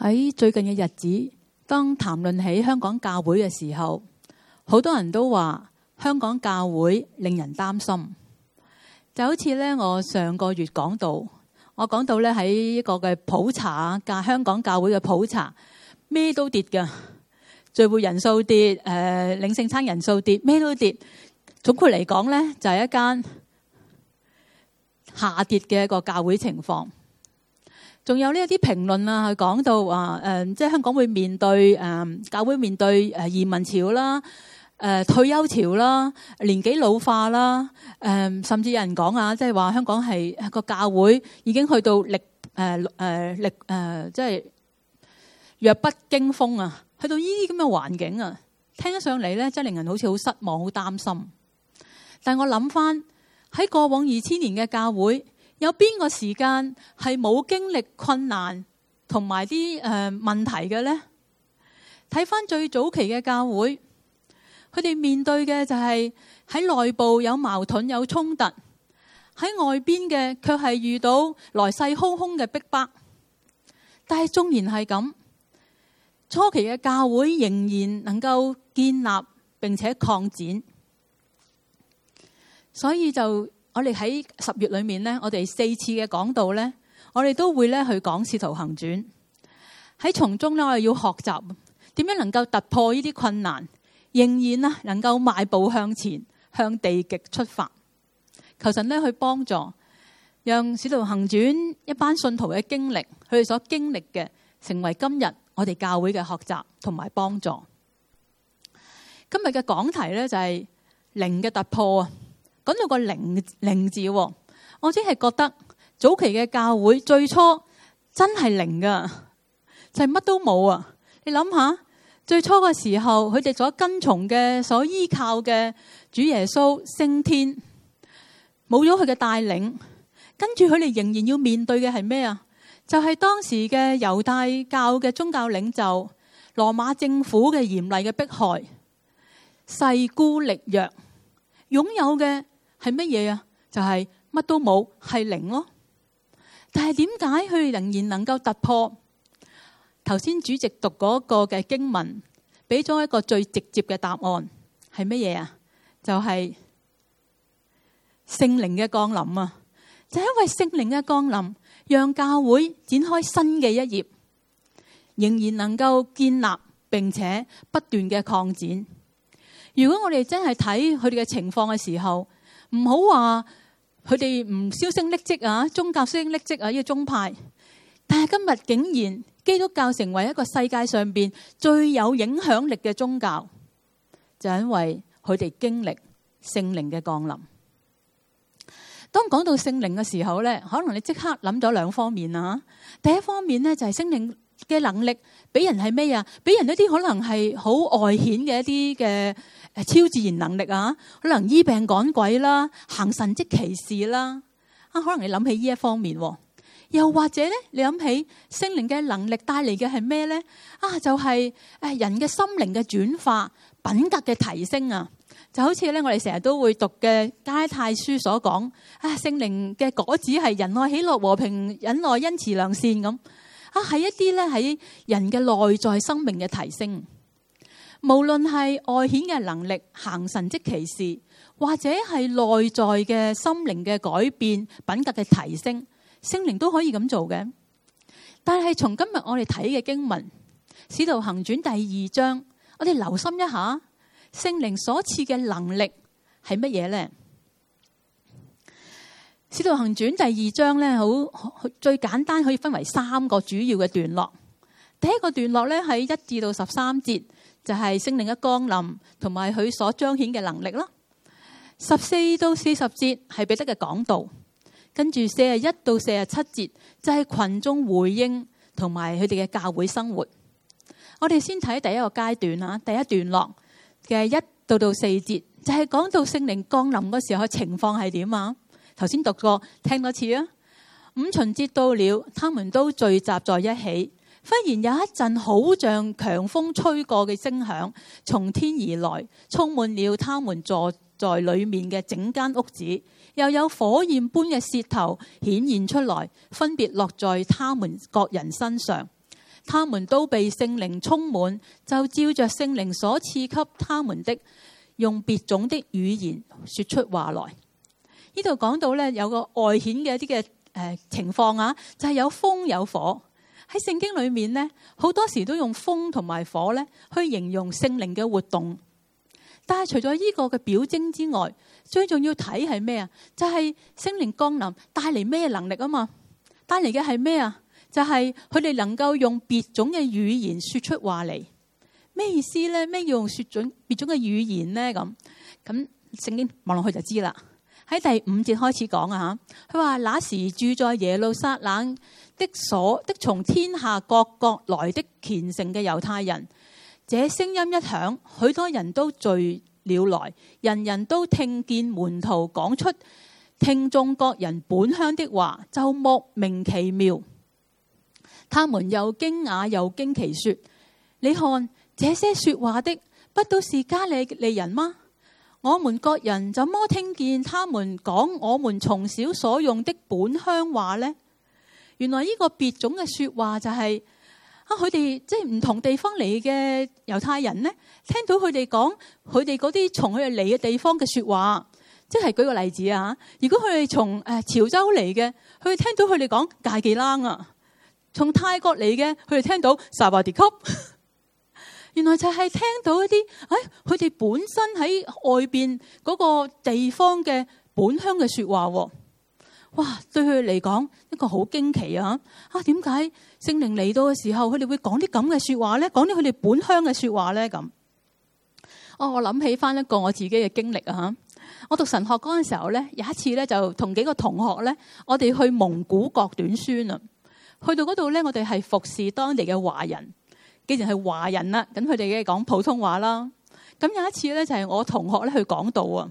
喺最近嘅日子，當談論起香港教會嘅時候，好多人都話香港教會令人擔心。就好似咧，我上個月講到，我講到咧喺一個嘅普查教香港教會嘅普查，咩都跌嘅，聚會人數跌，誒、呃，領聖餐人數跌，咩都跌。總括嚟講咧，就係、是、一間下跌嘅一個教會情況。仲有呢一啲評論啊，佢講到話誒，即係香港會面對誒教會面對誒移民潮啦、誒退休潮啦、年紀老化啦，誒甚至有人講啊，即係話香港係個教會已經去到力誒誒力誒，即係弱不禁風啊！去到呢啲咁嘅環境啊，聽得上嚟咧，真係令人好似好失望、好擔心。但我諗翻喺過往二千年嘅教會。有邊個時間係冇經歷困難同埋啲誒問題嘅呢？睇翻最早期嘅教會，佢哋面對嘅就係喺內部有矛盾有衝突，喺外邊嘅卻係遇到來勢洶洶嘅逼迫。但係縱然係咁，初期嘅教會仍然能夠建立並且擴展，所以就。我哋喺十月裏面呢，我哋四次嘅講道呢，我哋都會咧去講《使徒行傳》，喺從中呢，我哋要學習點樣能夠突破呢啲困難，仍然呢能夠邁步向前，向地極出發。求神呢去幫助，讓《使徒行傳》一班信徒嘅經歷，佢哋所經歷嘅，成為今日我哋教會嘅學習同埋幫助。今日嘅講題呢、就是，就係零嘅突破啊！講到個零零字，我只係覺得早期嘅教會最初真係零噶，就係、是、乜都冇啊！你諗下，最初嘅時候，佢哋所跟從嘅、所依靠嘅主耶穌升天，冇咗佢嘅帶領，跟住佢哋仍然要面對嘅係咩啊？就係、是、當時嘅猶大教嘅宗教領袖、羅馬政府嘅嚴厲嘅迫害，勢孤力弱，擁有嘅係乜嘢啊？就係、是、乜都冇，係零咯。但係點解佢哋仍然能夠突破？頭先主席讀嗰個嘅經文，俾咗一個最直接嘅答案，係乜嘢啊？就係、是、聖靈嘅降臨啊！就是、因為聖靈嘅降臨，讓教會展開新嘅一頁，仍然能夠建立並且不斷嘅擴展。如果我哋真係睇佢哋嘅情況嘅時候，唔好話佢哋唔銷聲匿跡啊，宗教銷聲匿跡啊，呢個宗派。但係今日竟然基督教成為一個世界上邊最有影響力嘅宗教，就因為佢哋經歷聖靈嘅降臨。當講到聖靈嘅時候呢，可能你即刻諗咗兩方面啊。第一方面呢，就係聖靈嘅能力俾人係咩啊？俾人一啲可能係好外顯嘅一啲嘅。誒超自然能力啊，可能醫病趕鬼啦，行神蹟奇事啦，啊可能你諗起呢一方面，又或者咧你諗起聖靈嘅能力帶嚟嘅係咩咧？啊就係、是、誒人嘅心靈嘅轉化、品格嘅提升啊，就好似咧我哋成日都會讀嘅《加拉太書所說》所講，啊聖靈嘅果子係仁愛、喜樂、和平，忍耐、恩慈、良善咁，啊係一啲咧喺人嘅內在生命嘅提升。無論係外顯嘅能力，行神蹟奇事，或者係內在嘅心靈嘅改變、品格嘅提升，聖靈都可以咁做嘅。但係從今日我哋睇嘅經文《使徒行傳》第二章，我哋留心一下，聖靈所賜嘅能力係乜嘢呢？使徒行傳第二章咧，好最簡單可以分為三個主要嘅段落。第一個段落咧喺一至到十三節。就係聖靈嘅降臨，同埋佢所彰顯嘅能力囉。十四到四十節係彼得嘅講道，跟住四十一到四十七節就係群眾回應同埋佢哋嘅教會生活。我哋先睇第一個階段啊，第一段落嘅一到到四節就係、是、講到聖靈降臨嗰時候的情況係點啊？頭先讀過聽多次啊。五旬節到了，他們都聚集在一起。忽然有一陣好像強風吹過嘅聲響從天而來，充滿了他們坐在裏面嘅整間屋子，又有火焰般嘅舌頭顯現出來，分別落在他們各人身上。他們都被聖靈充滿，就照着聖靈所賜給他們的，用別種的語言說出話來。呢度講到呢，有個外顯嘅一啲嘅誒情況啊，就係、是、有風有火。喺聖經裏面呢，好多時都用風同埋火咧，去形容聖靈嘅活動。但係除咗呢個嘅表徵之外，最重要睇係咩啊？就係、是、聖靈降臨帶嚟咩能力啊？嘛，帶嚟嘅係咩啊？就係佢哋能夠用別種嘅語言說出話嚟。咩意思咧？咩要用說準別種嘅語言咧？咁咁，聖經望落去就知啦。喺第五節開始講啊，吓，佢話那時住在耶路撒冷，的所的從天下各國來的虔誠嘅猶太人，這聲音一響，許多人都聚了來，人人都聽見門徒講出聽眾各人本鄉的話，就莫名其妙。他們又驚訝又驚奇說：你看這些說話的，不都是加利利人嗎？我們各人怎麼聽見他們講我們從小所用的本鄉話呢？原來呢個別種嘅說話就係、是、啊，佢哋即係唔同地方嚟嘅猶太人咧，聽到佢哋講佢哋嗰啲從佢哋嚟嘅地方嘅說話，即、就、係、是、舉個例子啊，如果佢哋從誒潮州嚟嘅，佢哋聽到佢哋講大忌啷啊；從泰國嚟嘅，佢哋聽到沙瓦迪卡。 原來就係聽到一啲誒，佢、哎、哋本身喺外邊嗰個地方嘅本鄉嘅說話。哇！對佢嚟講一個好驚奇啊！嚇啊，點解聖靈嚟到嘅時候，佢哋會講啲咁嘅説話咧？講啲佢哋本鄉嘅説話咧？咁哦，我諗起翻一個我自己嘅經歷啊！嚇，我讀神學嗰陣時候咧，有一次咧就同幾個同學咧，我哋去蒙古國短宣啊。去到嗰度咧，我哋係服侍當地嘅華人，既然係華人啦，咁佢哋梗係講普通話啦。咁有一次咧，就係我同學咧去講道啊，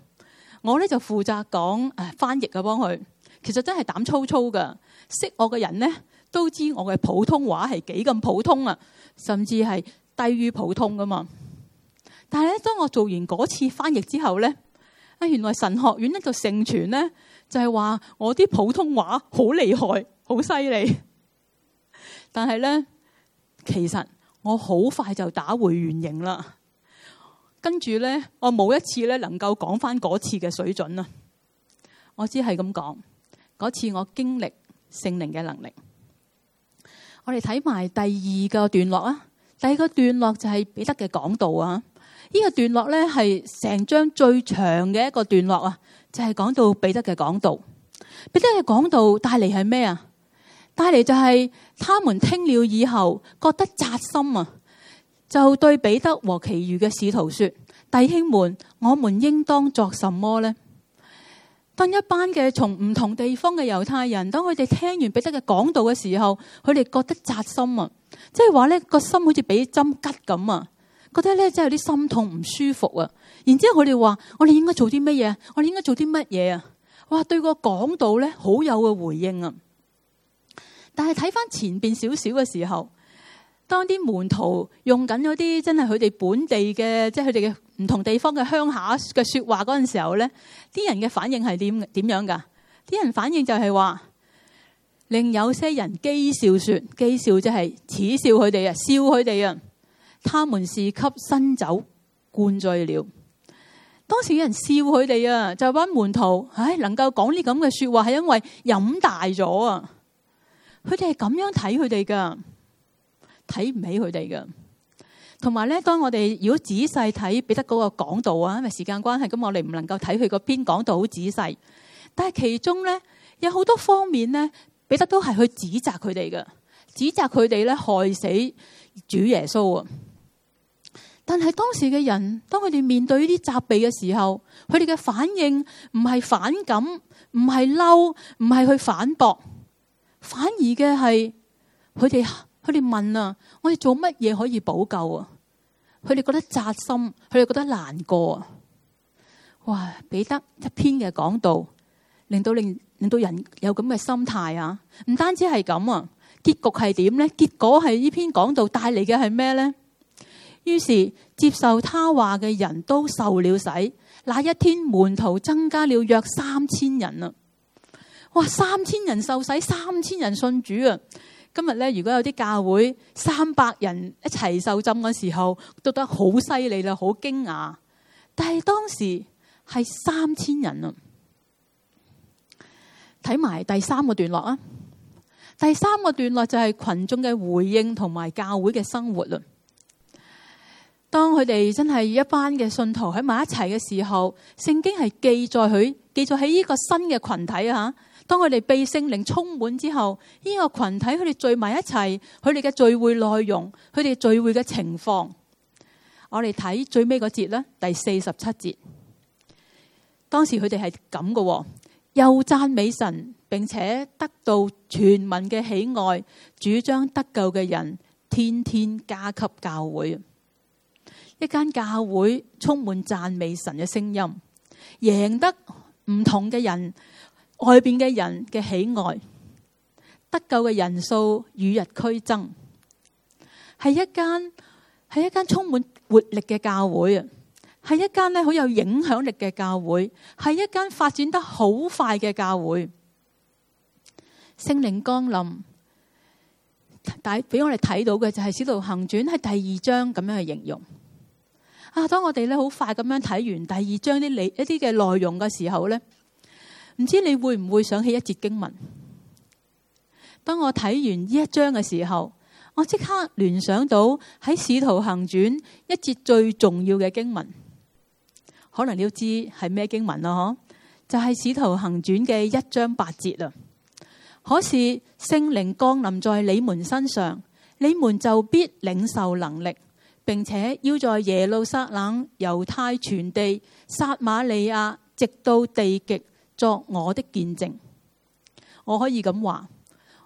我咧就負責講誒、哎、翻譯啊，幫佢。其實真係膽粗粗噶識我嘅人呢，都知我嘅普通話係幾咁普通啊，甚至係低於普通噶嘛。但係咧，當我做完嗰次翻譯之後呢，啊，原來神學院呢就盛傳呢，就係話我啲普通話好厲害、好犀利。但係呢，其實我好快就打回原形啦。跟住呢，我冇一次呢能夠講翻嗰次嘅水準啦。我只係咁講。嗰次我經歷聖靈嘅能力，我哋睇埋第二個段落啊。第二個段落就係彼得嘅講道啊。呢個段落呢係成章最長嘅一個段落啊，就係講到彼得嘅講道。彼得嘅講道帶嚟係咩啊？帶嚟就係他們聽了以後覺得扎心啊，就對彼得和其餘嘅使徒說：弟兄們，我們應當作什麼呢？分一班嘅從唔同地方嘅猶太人，當佢哋聽完彼得嘅講道嘅時候，佢哋覺得扎心啊，即係話咧個心好似俾針拮咁啊，覺得咧真係有啲心痛唔舒服啊。然之後佢哋話：我哋應該做啲乜嘢？我哋應該做啲乜嘢啊？哇！對個講道咧好有嘅回應啊！但係睇翻前邊少少嘅時候，當啲門徒用緊嗰啲真係佢哋本地嘅，即係佢哋嘅。唔同地方嘅鄉下嘅說話嗰陣時候呢，啲人嘅反應係點點樣噶？啲人反應就係話，另有些人譏笑說，譏笑即係恥笑佢哋啊，笑佢哋啊，他們是給新酒灌醉了。當時有人笑佢哋啊，就班門徒，唉、哎，能夠講呢咁嘅說話係因為飲大咗啊，佢哋係咁樣睇佢哋噶，睇唔起佢哋噶。同埋咧，當我哋如果仔細睇彼得嗰個講道啊，因為時間關係，咁我哋唔能夠睇佢嗰篇講道好仔細。但係其中咧，有好多方面咧，彼得都係去指責佢哋嘅，指責佢哋咧害死主耶穌啊。但係當時嘅人，當佢哋面對呢啲責備嘅時候，佢哋嘅反應唔係反感，唔係嬲，唔係去反駁，反而嘅係佢哋。佢哋問啊，我哋做乜嘢可以補救啊？佢哋覺得扎心，佢哋覺得難過啊！哇，彼得一篇嘅講道，令到令令到人有咁嘅心態啊！唔單止係咁啊，結局係點呢？結果係呢篇講道帶嚟嘅係咩呢？於是接受他話嘅人都受了洗，那一天門徒增加了約三千人啊！哇，三千人受洗，三千人信主啊！今日咧，如果有啲教會三百人一齊受浸嘅時候，都覺得好犀利啦，好驚訝。但係當時係三千人啊！睇埋第三個段落啊！第三個段落就係群眾嘅回應同埋教會嘅生活啦。當佢哋真係一班嘅信徒喺埋一齊嘅時候，聖經係記載佢記載喺呢個新嘅群體啊！當佢哋被聖靈充滿之後，呢個群體佢哋聚埋一齊，佢哋嘅聚會內容，佢哋聚會嘅情況，我哋睇最尾嗰節咧，第四十七節。當時佢哋係咁嘅，又讚美神，並且得到全民嘅喜愛，主將得救嘅人天天加給教會，一間教會充滿讚美神嘅聲音，贏得唔同嘅人。外邊嘅人嘅喜愛，得救嘅人數與日俱增，係一間係一間充滿活力嘅教會啊！係一間咧好有影響力嘅教會，係一間發展得好快嘅教會。聖靈降臨，睇俾我哋睇到嘅就係《使徒行傳》喺第二章咁樣去形容。啊！當我哋咧好快咁樣睇完第二章啲內一啲嘅內容嘅時候咧。唔知你會唔會想起一節經文？當我睇完呢一章嘅時候，我即刻聯想到喺《使徒行傳》一節最重要嘅經文，可能你要知係咩經文咯？嗬，就係、是《使徒行傳》嘅一章八節啊。可是聖靈降臨在你們身上，你們就必領受能力，並且要在耶路撒冷、猶太全地、撒瑪利亞，直到地極。作我的見證，我可以咁話。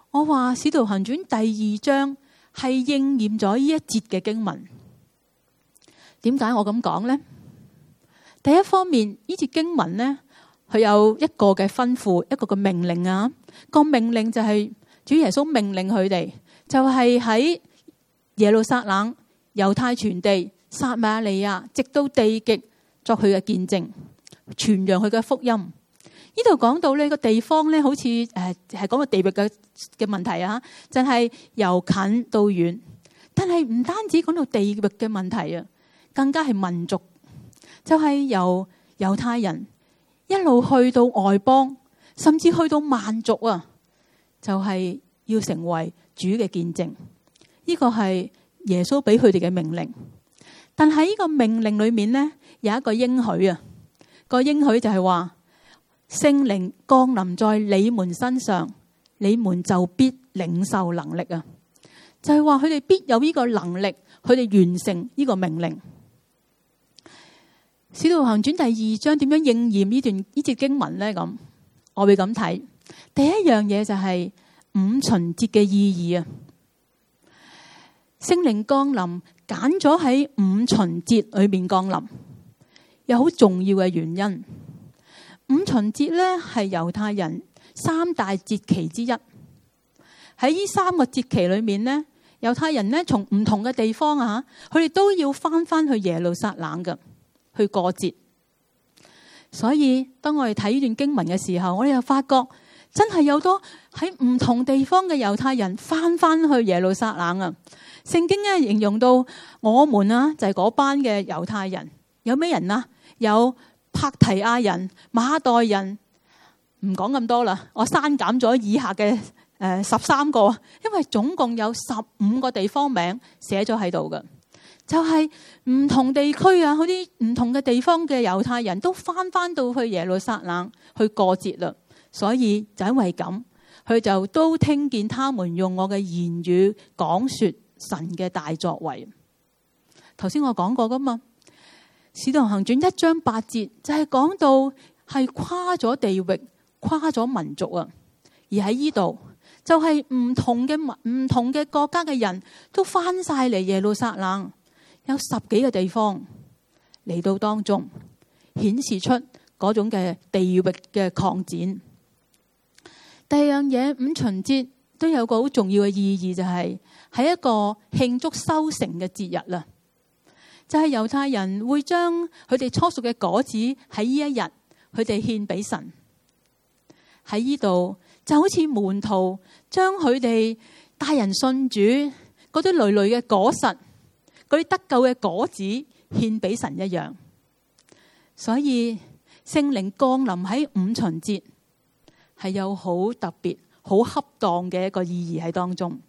我話《使徒行傳》第二章係應驗咗呢一節嘅經文。點解我咁講呢？第一方面呢節經文呢，佢有一個嘅吩咐，一個嘅命令啊。個命令就係主耶穌命令佢哋，就係喺耶路撒冷、猶太全地、撒馬利亞，直到地極作佢嘅見證，傳揚佢嘅福音。呢度講到呢個地方咧，好似誒係講個地域嘅嘅問題啊，就係由近到遠，但係唔單止講到地域嘅問題啊，更加係民族，就係由猶太人一路去到外邦，甚至去到萬族啊，就係要成為主嘅見證。呢個係耶穌俾佢哋嘅命令，但係呢個命令裏面呢，有一個應許啊，個應許就係話。聖靈降臨在你們身上，你們就必領受能力啊！就係話佢哋必有呢個能力，佢哋完成呢個命令。《使徒行傳》第二章點樣應驗呢段呢節經文呢？咁我會咁睇，第一樣嘢就係五旬節嘅意義啊！聖靈降臨揀咗喺五旬節裏面降臨，有好重要嘅原因。五旬節咧，係猶太人三大節期之一。喺呢三個節期裏面咧，猶太人呢，從唔同嘅地方啊，佢哋都要翻翻去耶路撒冷嘅去過節。所以當我哋睇呢段經文嘅時候，我哋又發覺真係有多喺唔同地方嘅猶太人翻翻去耶路撒冷啊！聖經呢形容到我們啊，就係嗰班嘅猶太人，有咩人啊？有。帕提亞人、馬代人，唔講咁多啦，我刪減咗以下嘅誒十三個，因為總共有十五個地方名寫咗喺度㗎，就係唔同地區啊，嗰啲唔同嘅地方嘅猶太人都翻翻到去耶路撒冷去過節啦，所以就因為咁，佢就都聽見他們用我嘅言語講說神嘅大作為。頭先我講過噶嘛。《使徒行傳》一章八節就係、是、講到係跨咗地域、跨咗民族啊，而喺呢度就係、是、唔同嘅民、唔同嘅國家嘅人都翻晒嚟耶路撒冷，有十幾個地方嚟到當中，顯示出嗰種嘅地域嘅擴展。第二樣嘢，五旬節都有一個好重要嘅意義，就係、是、喺一個慶祝收成嘅節日啦。就係猶太人會將佢哋初熟嘅果子喺呢一日佢哋獻俾神，喺呢度就好似門徒將佢哋帶人信主嗰啲累累嘅果實、嗰啲得救嘅果子獻俾神一樣，所以聖靈降臨喺五旬節係有好特別、好恰當嘅一個意義喺當中。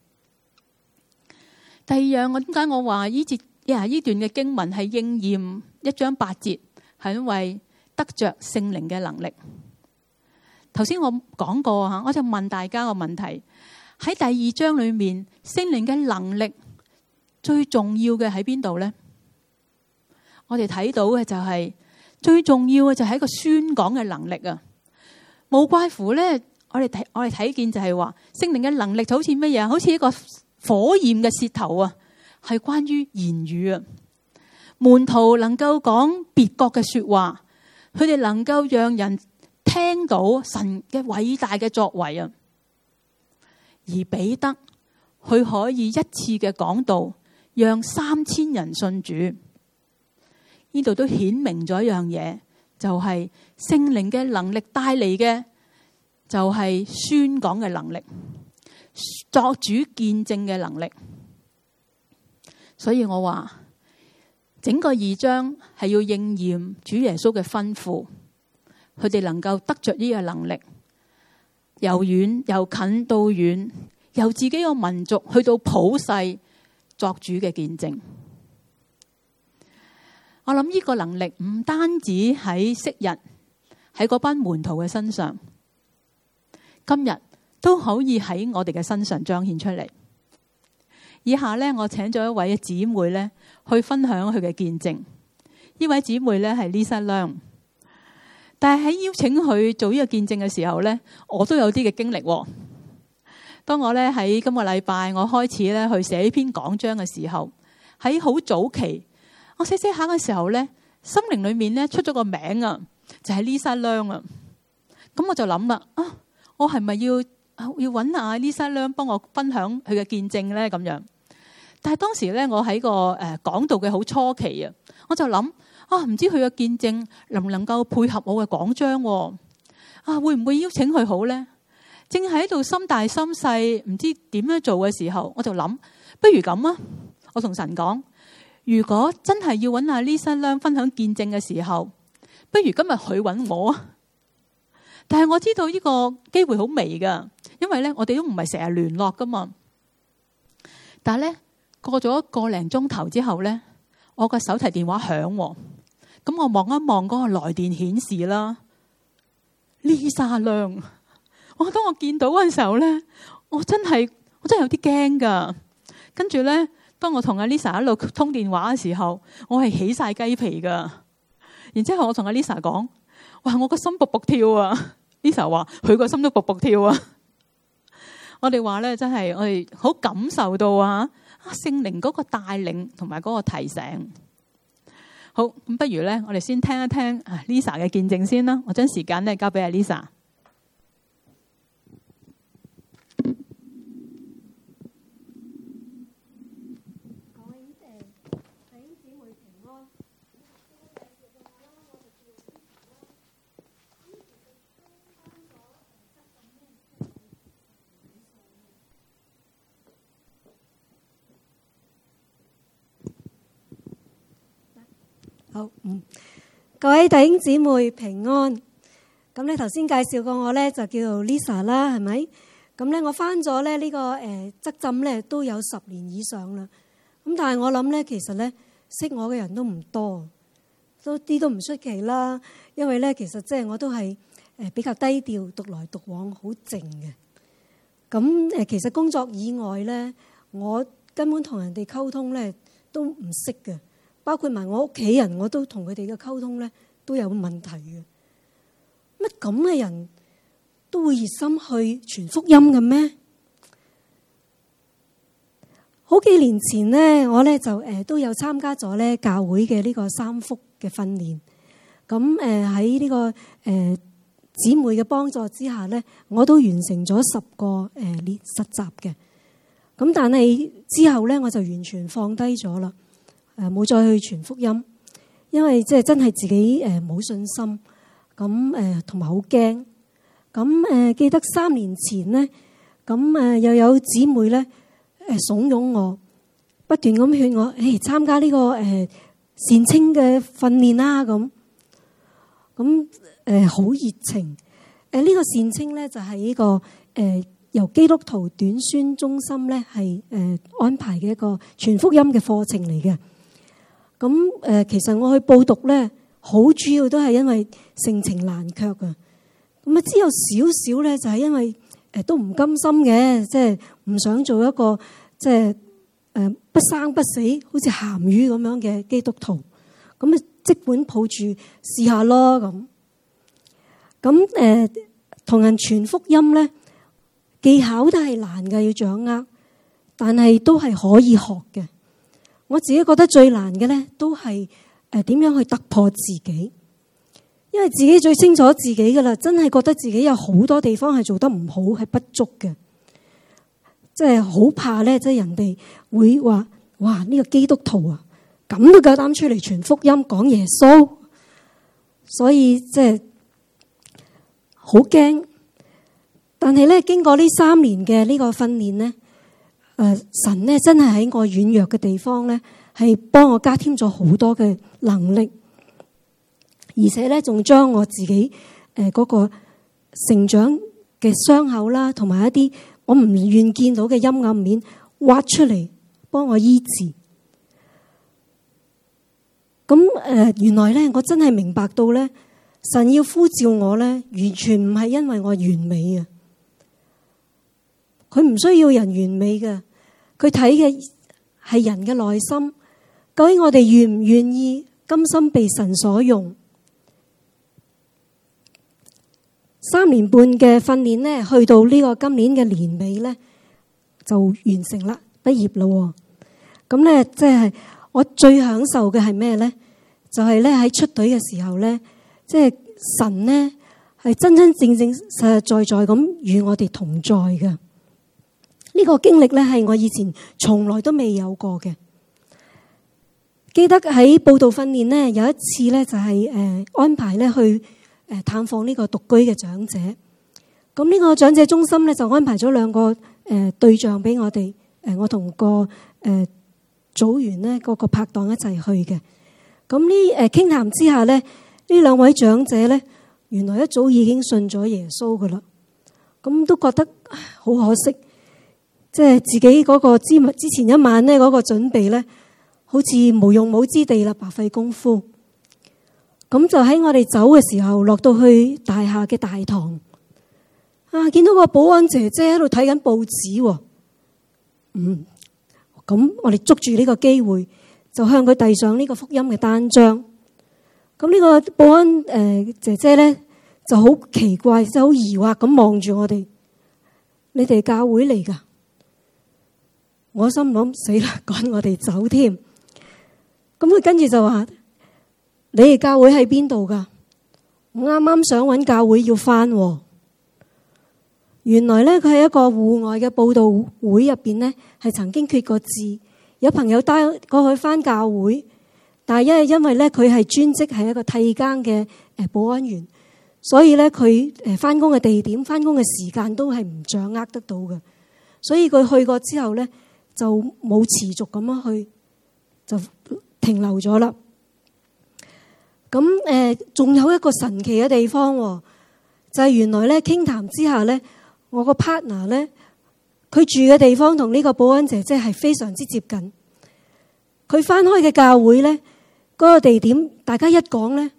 第二樣，我點解我話呢節？呀！呢段嘅經文係應驗一章八節，係因為得着聖靈嘅能力。頭先我講過吓，我就問大家個問題：喺第二章裏面，聖靈嘅能力最重要嘅喺邊度呢？我哋睇到嘅就係，最重要嘅就係一個宣講嘅能力啊！冇怪乎呢，我哋睇我哋睇見就係話聖靈嘅能力就好似乜嘢？好似一個火焰嘅舌頭啊！係關於言語啊，門徒能夠講別國嘅說話，佢哋能夠讓人聽到神嘅偉大嘅作為啊。而彼得佢可以一次嘅講道，讓三千人信主。呢度都顯明咗一樣嘢，就係聖靈嘅能力帶嚟嘅，就係宣講嘅能力，作主見證嘅能力。所以我話整個二章係要應驗主耶穌嘅吩咐，佢哋能夠得着呢個能力，由遠由近到遠，由自己個民族去到普世作主嘅見證。我諗呢個能力唔單止喺昔日喺嗰班門徒嘅身上，今日都可以喺我哋嘅身上彰顯出嚟。以下咧，我請咗一位嘅姊妹咧去分享佢嘅見證。呢位姊妹咧係 Lisa Lung，但係喺邀請佢做呢個見證嘅時候咧，我都有啲嘅經歷。當我咧喺今個禮拜我開始咧去寫篇講章嘅時候，喺好早期，我寫寫下嘅時候咧，心靈裏面咧出咗個名啊，就係、是、Lisa Lung 啊。咁我就諗啦，啊，我係咪要、啊、要搵下 Lisa Lung 幫我分享佢嘅見證咧？咁樣。但係當時咧，我喺個誒講道嘅好初期啊，我就諗啊，唔知佢嘅見證能唔能夠配合我嘅講章啊？啊，會唔會邀請佢好咧？正喺度心大心細，唔知點樣做嘅時候，我就諗不如咁啊。我同神講，如果真係要搵阿 Lisa 孃分享見證嘅時候，不如今日佢搵我啊。但係我知道呢個機會好微噶，因為咧我哋都唔係成日聯絡噶嘛。但係咧。過咗一個零鐘頭之後咧，我個手提電話響，咁我望一望嗰個來電顯示啦 ，Lisa 亮。我當我見到嗰陣時候咧，我真係我真係有啲驚噶。跟住咧，當我同阿 Lisa 一路通電話嘅時候，我係起晒雞皮噶。然之後我同阿 Lisa 講：哇，我個心卜卜跳啊！Lisa 話：佢個心都卜卜跳啊！我哋話咧，真係我哋好感受到啊！啊聖靈嗰個帶領同埋嗰個提醒，好，咁不如咧，我哋先聽一聽 Lisa 嘅見證先啦。我將時間咧交畀阿 Lisa。好，嗯，各位弟兄姊妹平安。咁咧，頭先介紹過我咧，就叫做 Lisa 啦，係咪？咁咧，我返咗咧呢個誒執針咧都有十年以上啦。咁但係我諗咧，其實咧識我嘅人都唔多，都啲都唔出奇啦。因為咧，其實即係我都係誒比較低調、獨來獨往、好靜嘅。咁誒，其實工作以外咧，我根本同人哋溝通咧都唔識嘅。包括埋我屋企人，我都同佢哋嘅溝通咧都有問題嘅。乜咁嘅人都會熱心去傳福音嘅咩？好幾年前呢，我咧就誒都有參加咗咧教會嘅呢個三福嘅訓練。咁誒喺呢個誒姊妹嘅幫助之下咧，我都完成咗十個誒列實習嘅。咁但係之後咧，我就完全放低咗啦。誒冇再去傳福音，因為即係真係自己誒冇信心，咁誒同埋好驚。咁誒記得三年前咧，咁誒又有姊妹咧誒慫恿我，不斷咁勸我，誒參加呢個誒善稱嘅訓練啦，咁咁誒好熱情。誒呢個善稱咧就係呢個誒由基督徒短宣中心咧係誒安排嘅一個傳福音嘅課程嚟嘅。咁誒，其實我去報讀咧，好主要都係因為盛情難卻嘅，咁啊，只有少少咧，就係因為誒都唔甘心嘅，即係唔想做一個即係誒不生不死，好似鹹魚咁樣嘅基督徒，咁啊，即管抱住試下咯咁。咁誒，同人傳福音咧，技巧都係難嘅，要掌握，但係都係可以學嘅。我自己覺得最難嘅呢，都係誒點樣去突破自己，因為自己最清楚自己嘅喇，真係覺得自己有好多地方係做得唔好，係不足嘅，即係好怕咧，即係人哋會話哇呢個基督徒啊，咁都夠膽出嚟傳福音講耶穌，所以即係好驚。但係咧，經過呢三年嘅呢個訓練咧。誒，神咧真係喺我軟弱嘅地方呢係幫我加添咗好多嘅能力，而且呢仲將我自己誒嗰個成長嘅傷口啦，同埋一啲我唔願見到嘅陰暗面挖出嚟，幫我醫治。咁誒，原來咧我真係明白到咧，神要呼召我咧，完全唔係因為我完美啊！佢唔需要人完美嘅，佢睇嘅係人嘅內心，究竟我哋願唔願意甘心被神所用？三年半嘅訓練呢，去到呢個今年嘅年尾咧，就完成啦，畢業啦。咁咧，即係我最享受嘅係咩咧？就係咧喺出隊嘅時候咧，即係神咧係真真正正實實在在咁與我哋同在嘅。呢個經歷咧係我以前從來都未有過嘅。記得喺報道訓練咧，有一次咧就係誒安排咧去誒探訪呢個獨居嘅長者。咁呢個長者中心咧就安排咗兩個誒對象俾我哋誒，我同個誒組員咧嗰個拍檔一齊去嘅。咁呢誒傾談之下咧，呢兩位長者咧原來一早已經信咗耶穌㗎喇，咁都覺得好可惜。即係自己嗰個之物之前一晚咧嗰個準備咧，好似無用武之地啦，白費功夫。咁就喺我哋走嘅時候，落到去大廈嘅大堂啊，見到個保安姐姐喺度睇緊報紙喎。嗯，咁我哋捉住呢個機會，就向佢遞上呢個福音嘅單張。咁呢個保安姐姐咧就好奇怪，就好疑惑咁望住我哋。你哋教會嚟噶？我心諗，死啦，趕我哋走添。咁佢跟住就話：你哋教會喺邊度噶？我啱啱想搵教會要翻。原來咧，佢係一個戶外嘅報道會入邊咧，係曾經決過志。有朋友帶過去翻教會，但係因為因為咧，佢係專職係一個替更嘅誒保安員，所以咧佢誒翻工嘅地點、翻工嘅時間都係唔掌握得到嘅，所以佢去過之後咧，就冇持續咁樣去，就停留咗啦。咁誒，仲有一個神奇嘅地方，就係、是、原來咧傾談之下咧，我個 partner 咧，佢住嘅地方同呢個保安姐姐係非常之接近。佢返開嘅教會咧，嗰、那個地點，大家一講咧，呢、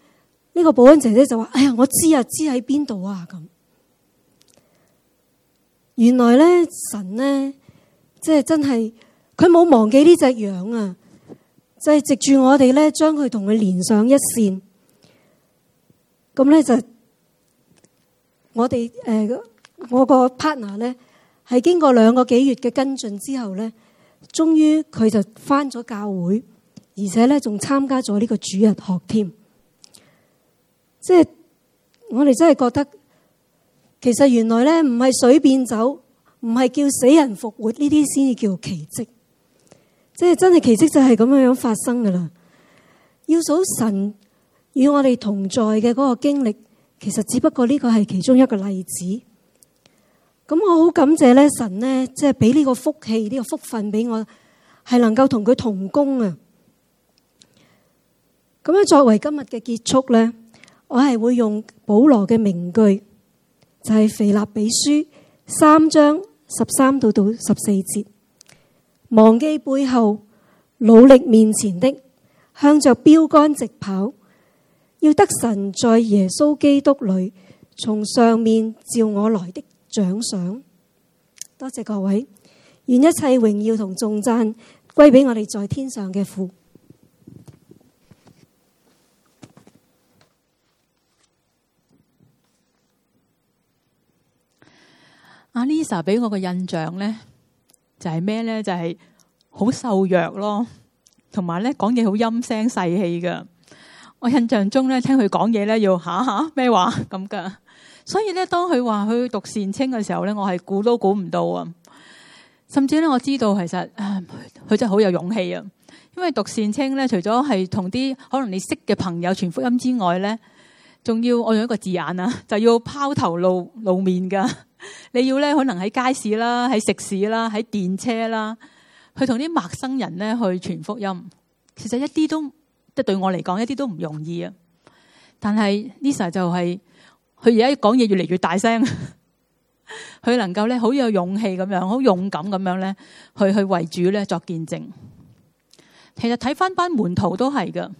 這個保安姐姐就話：哎呀，我知啊，知喺邊度啊，咁。原來咧，神咧。即係真係，佢冇忘記呢隻羊啊！就係、是、藉住我哋咧，將佢同佢連上一線。咁咧就我哋誒，我個 partner 咧係經過兩個幾月嘅跟進之後咧，終於佢就翻咗教會，而且咧仲參加咗呢個主日學添。即係我哋真係覺得，其實原來咧唔係水變酒。唔係叫死人復活呢啲先至叫奇跡，即係真係奇跡就係咁樣樣發生噶啦。要數神與我哋同在嘅嗰個經歷，其實只不過呢個係其中一個例子。咁我好感謝咧，神咧即係俾呢個福氣、呢個福分俾我，係能夠同佢同工啊。咁樣作為今日嘅結束咧，我係會用保羅嘅名句，就係腓立比書三章。十三到十四節，忘記背後，努力面前的，向着標杆直跑。要得神在耶穌基督裏從上面召我來的獎賞。多謝各位，願一切榮耀同頌讚歸畀我哋在天上嘅父。阿 Lisa 俾我嘅印象咧，就係咩咧？就係好瘦弱咯，同埋咧講嘢好陰聲細氣嘅。我印象中咧，聽佢講嘢咧要吓吓咩、啊啊、話咁嘅。所以咧，當佢話佢讀善稱嘅時候咧，我係估都估唔到啊。甚至咧，我知道其實佢、啊、真係好有勇氣啊。因為讀善稱咧，除咗係同啲可能你識嘅朋友傳福音之外咧。仲要我用一個字眼啊，就要拋頭露露面噶。你要咧，可能喺街市啦，喺食肆啦，喺電車啦，去同啲陌生人咧去傳福音。其實一啲都即係對我嚟講，一啲都唔容易啊。但係 Lisa 就係佢而家講嘢越嚟越大聲，佢能夠咧好有勇氣咁樣，好勇敢咁樣咧去去為主咧作見證。其實睇翻班門徒都係噶。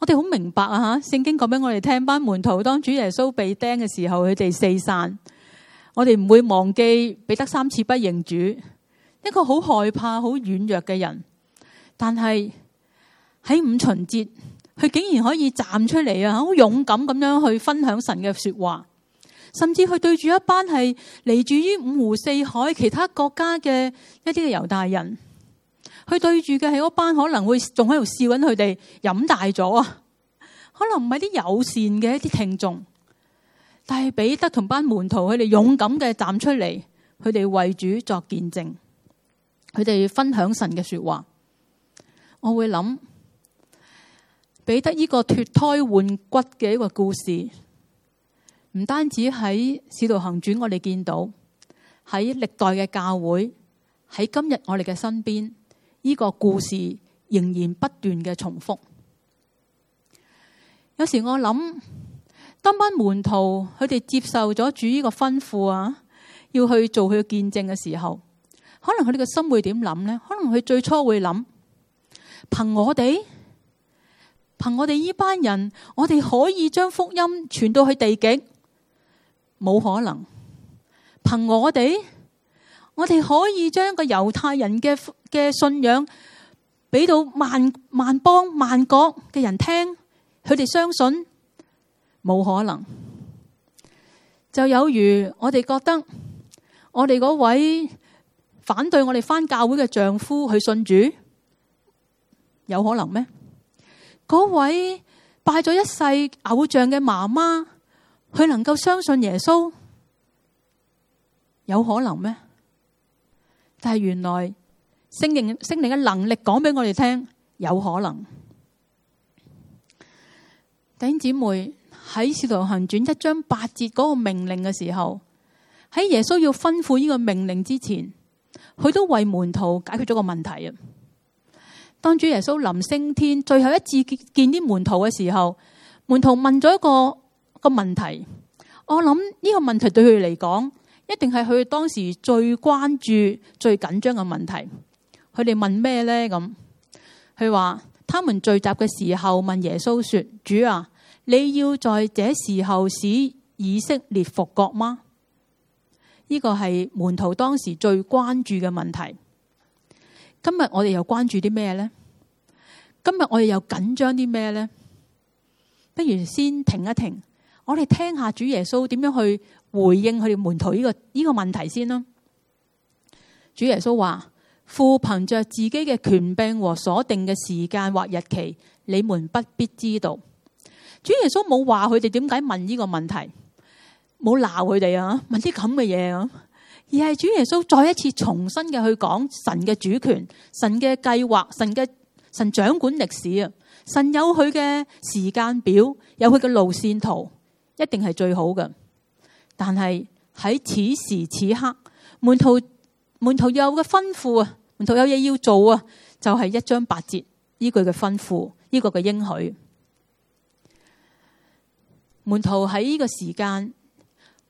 我哋好明白啊！吓，聖經講俾我哋聽班門徒當主耶穌被釘嘅時候，佢哋四散。我哋唔會忘記彼得三次不認主，一個好害怕、好軟弱嘅人，但係喺五旬節，佢竟然可以站出嚟啊！好勇敢咁樣去分享神嘅說話，甚至佢對住一班係嚟自於五湖四海其他國家嘅一啲嘅猶大人。佢對住嘅係嗰班可能會仲喺度笑緊佢哋飲大咗啊！可能唔係啲友善嘅一啲聽眾，但係彼得同班門徒佢哋勇敢嘅站出嚟，佢哋為主作見證，佢哋分享神嘅說話。我會諗彼得呢個脫胎換骨嘅一個故事，唔單止喺《使徒行傳》，我哋見到喺歷代嘅教會，喺今日我哋嘅身邊。呢個故事仍然不斷嘅重複。有時我諗，當班門徒佢哋接受咗主呢個吩咐啊，要去做佢見證嘅時候，可能佢哋嘅心會點諗呢？可能佢最初會諗，憑我哋，憑我哋呢班人，我哋可以將福音傳到去地極？冇可能。憑我哋。我哋可以將個猶太人嘅嘅信仰俾到萬萬邦萬國嘅人聽，佢哋相信冇可能。就有如我哋覺得，我哋嗰位反對我哋返教會嘅丈夫去信主，有可能咩？嗰位拜咗一世偶像嘅媽媽，佢能夠相信耶穌，有可能咩？但係原來聖靈聖靈嘅能力講俾我哋聽，有可能弟兄姊妹。喺《使徒行傳》一章八節嗰個命令嘅時候，喺耶穌要吩咐呢個命令之前，佢都為門徒解決咗個問題啊！當主耶穌臨升天最後一次見見啲門徒嘅時候，門徒問咗一個一個問題，我諗呢個問題對佢嚟講。一定係佢當時最關注、最緊張嘅問題。佢哋問咩呢？咁佢話：他們聚集嘅時候問耶穌說：主啊，你要在這時候使以色列復國嗎？呢個係門徒當時最關注嘅問題。今日我哋又關注啲咩呢？今日我哋又緊張啲咩呢？不如先停一停，我哋聽下主耶穌點樣去回應佢哋門徒呢個呢個問題先啦。主耶穌話：父憑着自己嘅權柄和所定嘅時間或日期，你們不必知道。主耶穌冇話佢哋點解問呢個問題，冇鬧佢哋啊，問啲咁嘅嘢啊，而係主耶穌再一次重新嘅去講神嘅主權、神嘅計劃、神嘅神，神掌管歷史啊。神有佢嘅時間表，有佢嘅路線圖，一定係最好嘅。但係喺此時此刻，門徒門徒有嘅吩咐啊，門徒有嘢要做啊，就係一章八節呢句嘅吩咐呢個嘅應許。門徒喺呢、就是這個、個時間，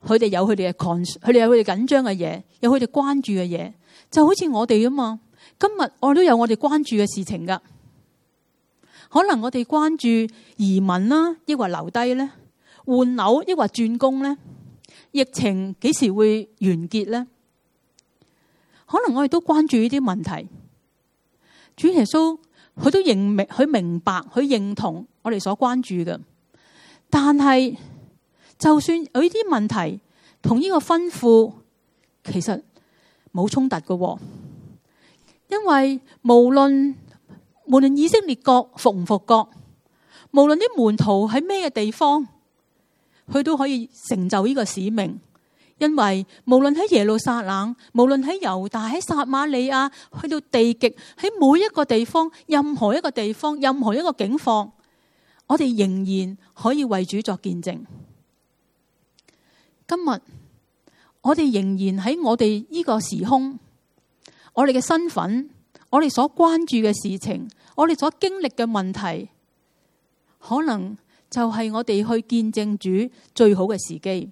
佢哋有佢哋嘅佢哋有佢哋緊張嘅嘢，有佢哋關注嘅嘢，就好似我哋啊嘛。今日我都有我哋關注嘅事情噶，可能我哋關注移民啦，抑或留低咧，換樓抑或轉工咧。疫情幾時會完結呢？可能我哋都關注呢啲問題。主耶穌佢都認明，佢明白，佢認同我哋所關注嘅。但係就算有啲問題同呢個吩咐，其實冇衝突噶。因為無論無論以色列國復唔復國，無論啲門徒喺咩嘅地方。佢都可以成就呢個使命，因為無論喺耶路撒冷，無論喺猶大，喺撒瑪利亞，去到地極，喺每一個地方，任何一個地方，任何一個境況，我哋仍然可以為主作見證今天。今日我哋仍然喺我哋呢個時空，我哋嘅身份，我哋所關注嘅事情，我哋所經歷嘅問題，可能。就係我哋去見證主最好嘅時機，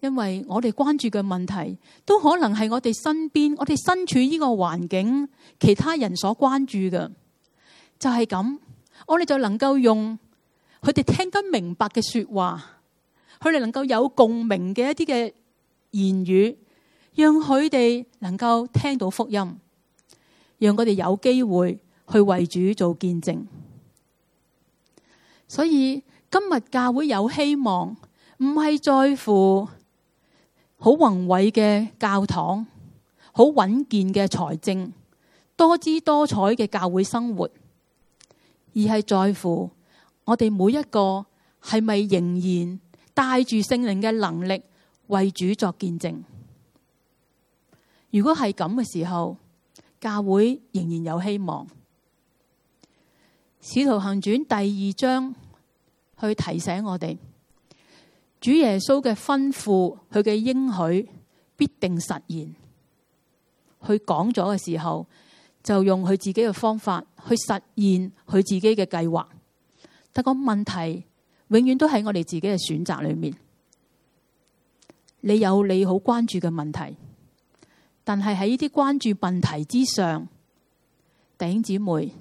因為我哋關注嘅問題，都可能係我哋身邊、我哋身處呢個環境其他人所關注嘅。就係咁，我哋就能夠用佢哋聽得明白嘅說話，佢哋能夠有共鳴嘅一啲嘅言語，讓佢哋能夠聽到福音，讓佢哋有機會去為主做見證。所以今日教會有希望，唔係在乎好宏偉嘅教堂，好穩健嘅財政，多姿多彩嘅教會生活，而係在乎我哋每一個係咪仍然帶住聖靈嘅能力為主作見證。如果係咁嘅時候，教會仍然有希望。使徒行傳第二章。去提醒我哋，主耶穌嘅吩咐，佢嘅應許必定實現。佢講咗嘅時候，就用佢自己嘅方法去實現佢自己嘅計劃。但個問題永遠都喺我哋自己嘅選擇裏面。你有你好關注嘅問題，但係喺呢啲關注問題之上，弟兄姊妹，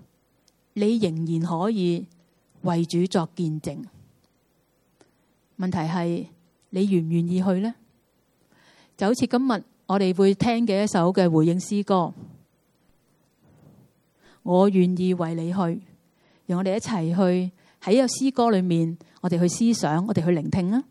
你仍然可以。為主作見證，問題係你願唔願意去呢？就好似今日我哋會聽嘅一首嘅回應詩歌，我願意為你去，讓我哋一齊去喺呢個詩歌裏面，我哋去思想，我哋去聆聽啊！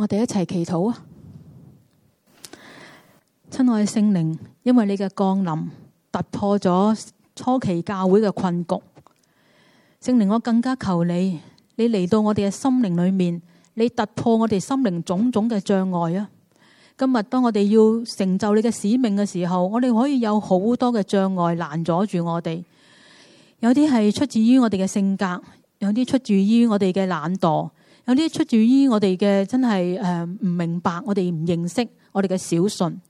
我哋一齊祈禱啊！親愛嘅聖靈，因為你嘅降臨突破咗初期教會嘅困局，聖靈我更加求你，你嚟到我哋嘅心靈裏面，你突破我哋心靈種種嘅障礙啊！今日當我哋要成就你嘅使命嘅時候，我哋可以有好多嘅障礙攔阻住我哋，有啲係出自於我哋嘅性格，有啲出自於我哋嘅懶惰。有啲出自於我哋嘅真係誒唔明白，我哋唔認識我哋嘅小信，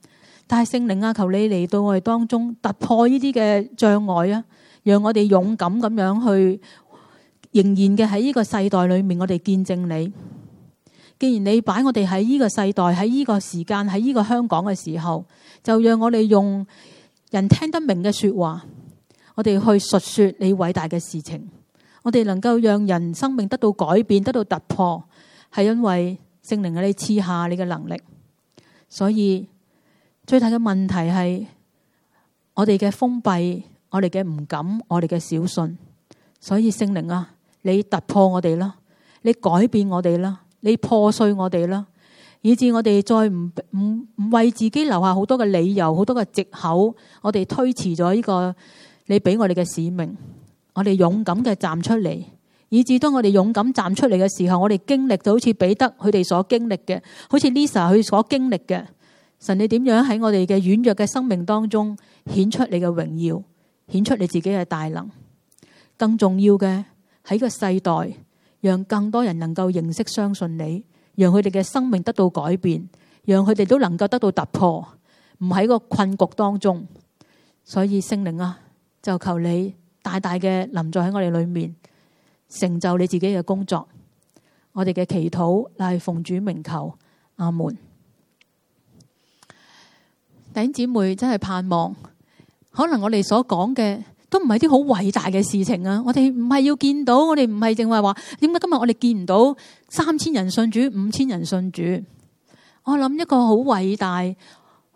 但係聖靈啊，求你嚟到我哋當中突破呢啲嘅障礙啊，讓我哋勇敢咁樣去，仍然嘅喺呢個世代裏面，我哋見證你。既然你擺我哋喺呢個世代，喺呢個時間，喺呢個香港嘅時候，就讓我哋用人聽得明嘅說話，我哋去述說你偉大嘅事情。我哋能夠讓人生命得到改變、得到突破，係因為聖靈啊，你賜下你嘅能力。所以最大嘅問題係我哋嘅封閉、我哋嘅唔敢、我哋嘅小信。所以聖靈啊，你突破我哋啦，你改變我哋啦，你破碎我哋啦，以至我哋再唔唔唔為自己留下好多嘅理由、好多嘅借口，我哋推遲咗呢個你俾我哋嘅使命。我哋勇敢嘅站出嚟，以至當我哋勇敢站出嚟嘅時候，我哋經歷就好似彼得佢哋所經歷嘅，好似 Lisa 佢所經歷嘅。神，你點樣喺我哋嘅軟弱嘅生命當中顯出你嘅榮耀，顯出你自己嘅大能？更重要嘅喺個世代，讓更多人能夠認識、相信你，讓佢哋嘅生命得到改變，讓佢哋都能夠得到突破，唔喺個困局當中。所以，聖靈啊，就求你。大大嘅臨在喺我哋裏面，成就你自己嘅工作。我哋嘅祈禱乃係奉主名求，阿們。弟兄姊妹真係盼望，可能我哋所講嘅都唔係啲好偉大嘅事情啊。我哋唔係要見到，我哋唔係淨係話點解今日我哋見唔到三千人信主，五千人信主。我諗一個好偉大、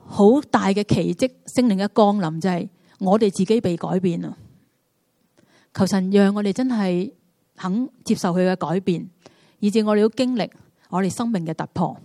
好大嘅奇蹟，聖靈嘅降臨就係、是、我哋自己被改變啦。求神讓我哋真係肯接受佢嘅改變，以至我哋都經歷我哋生命嘅突破。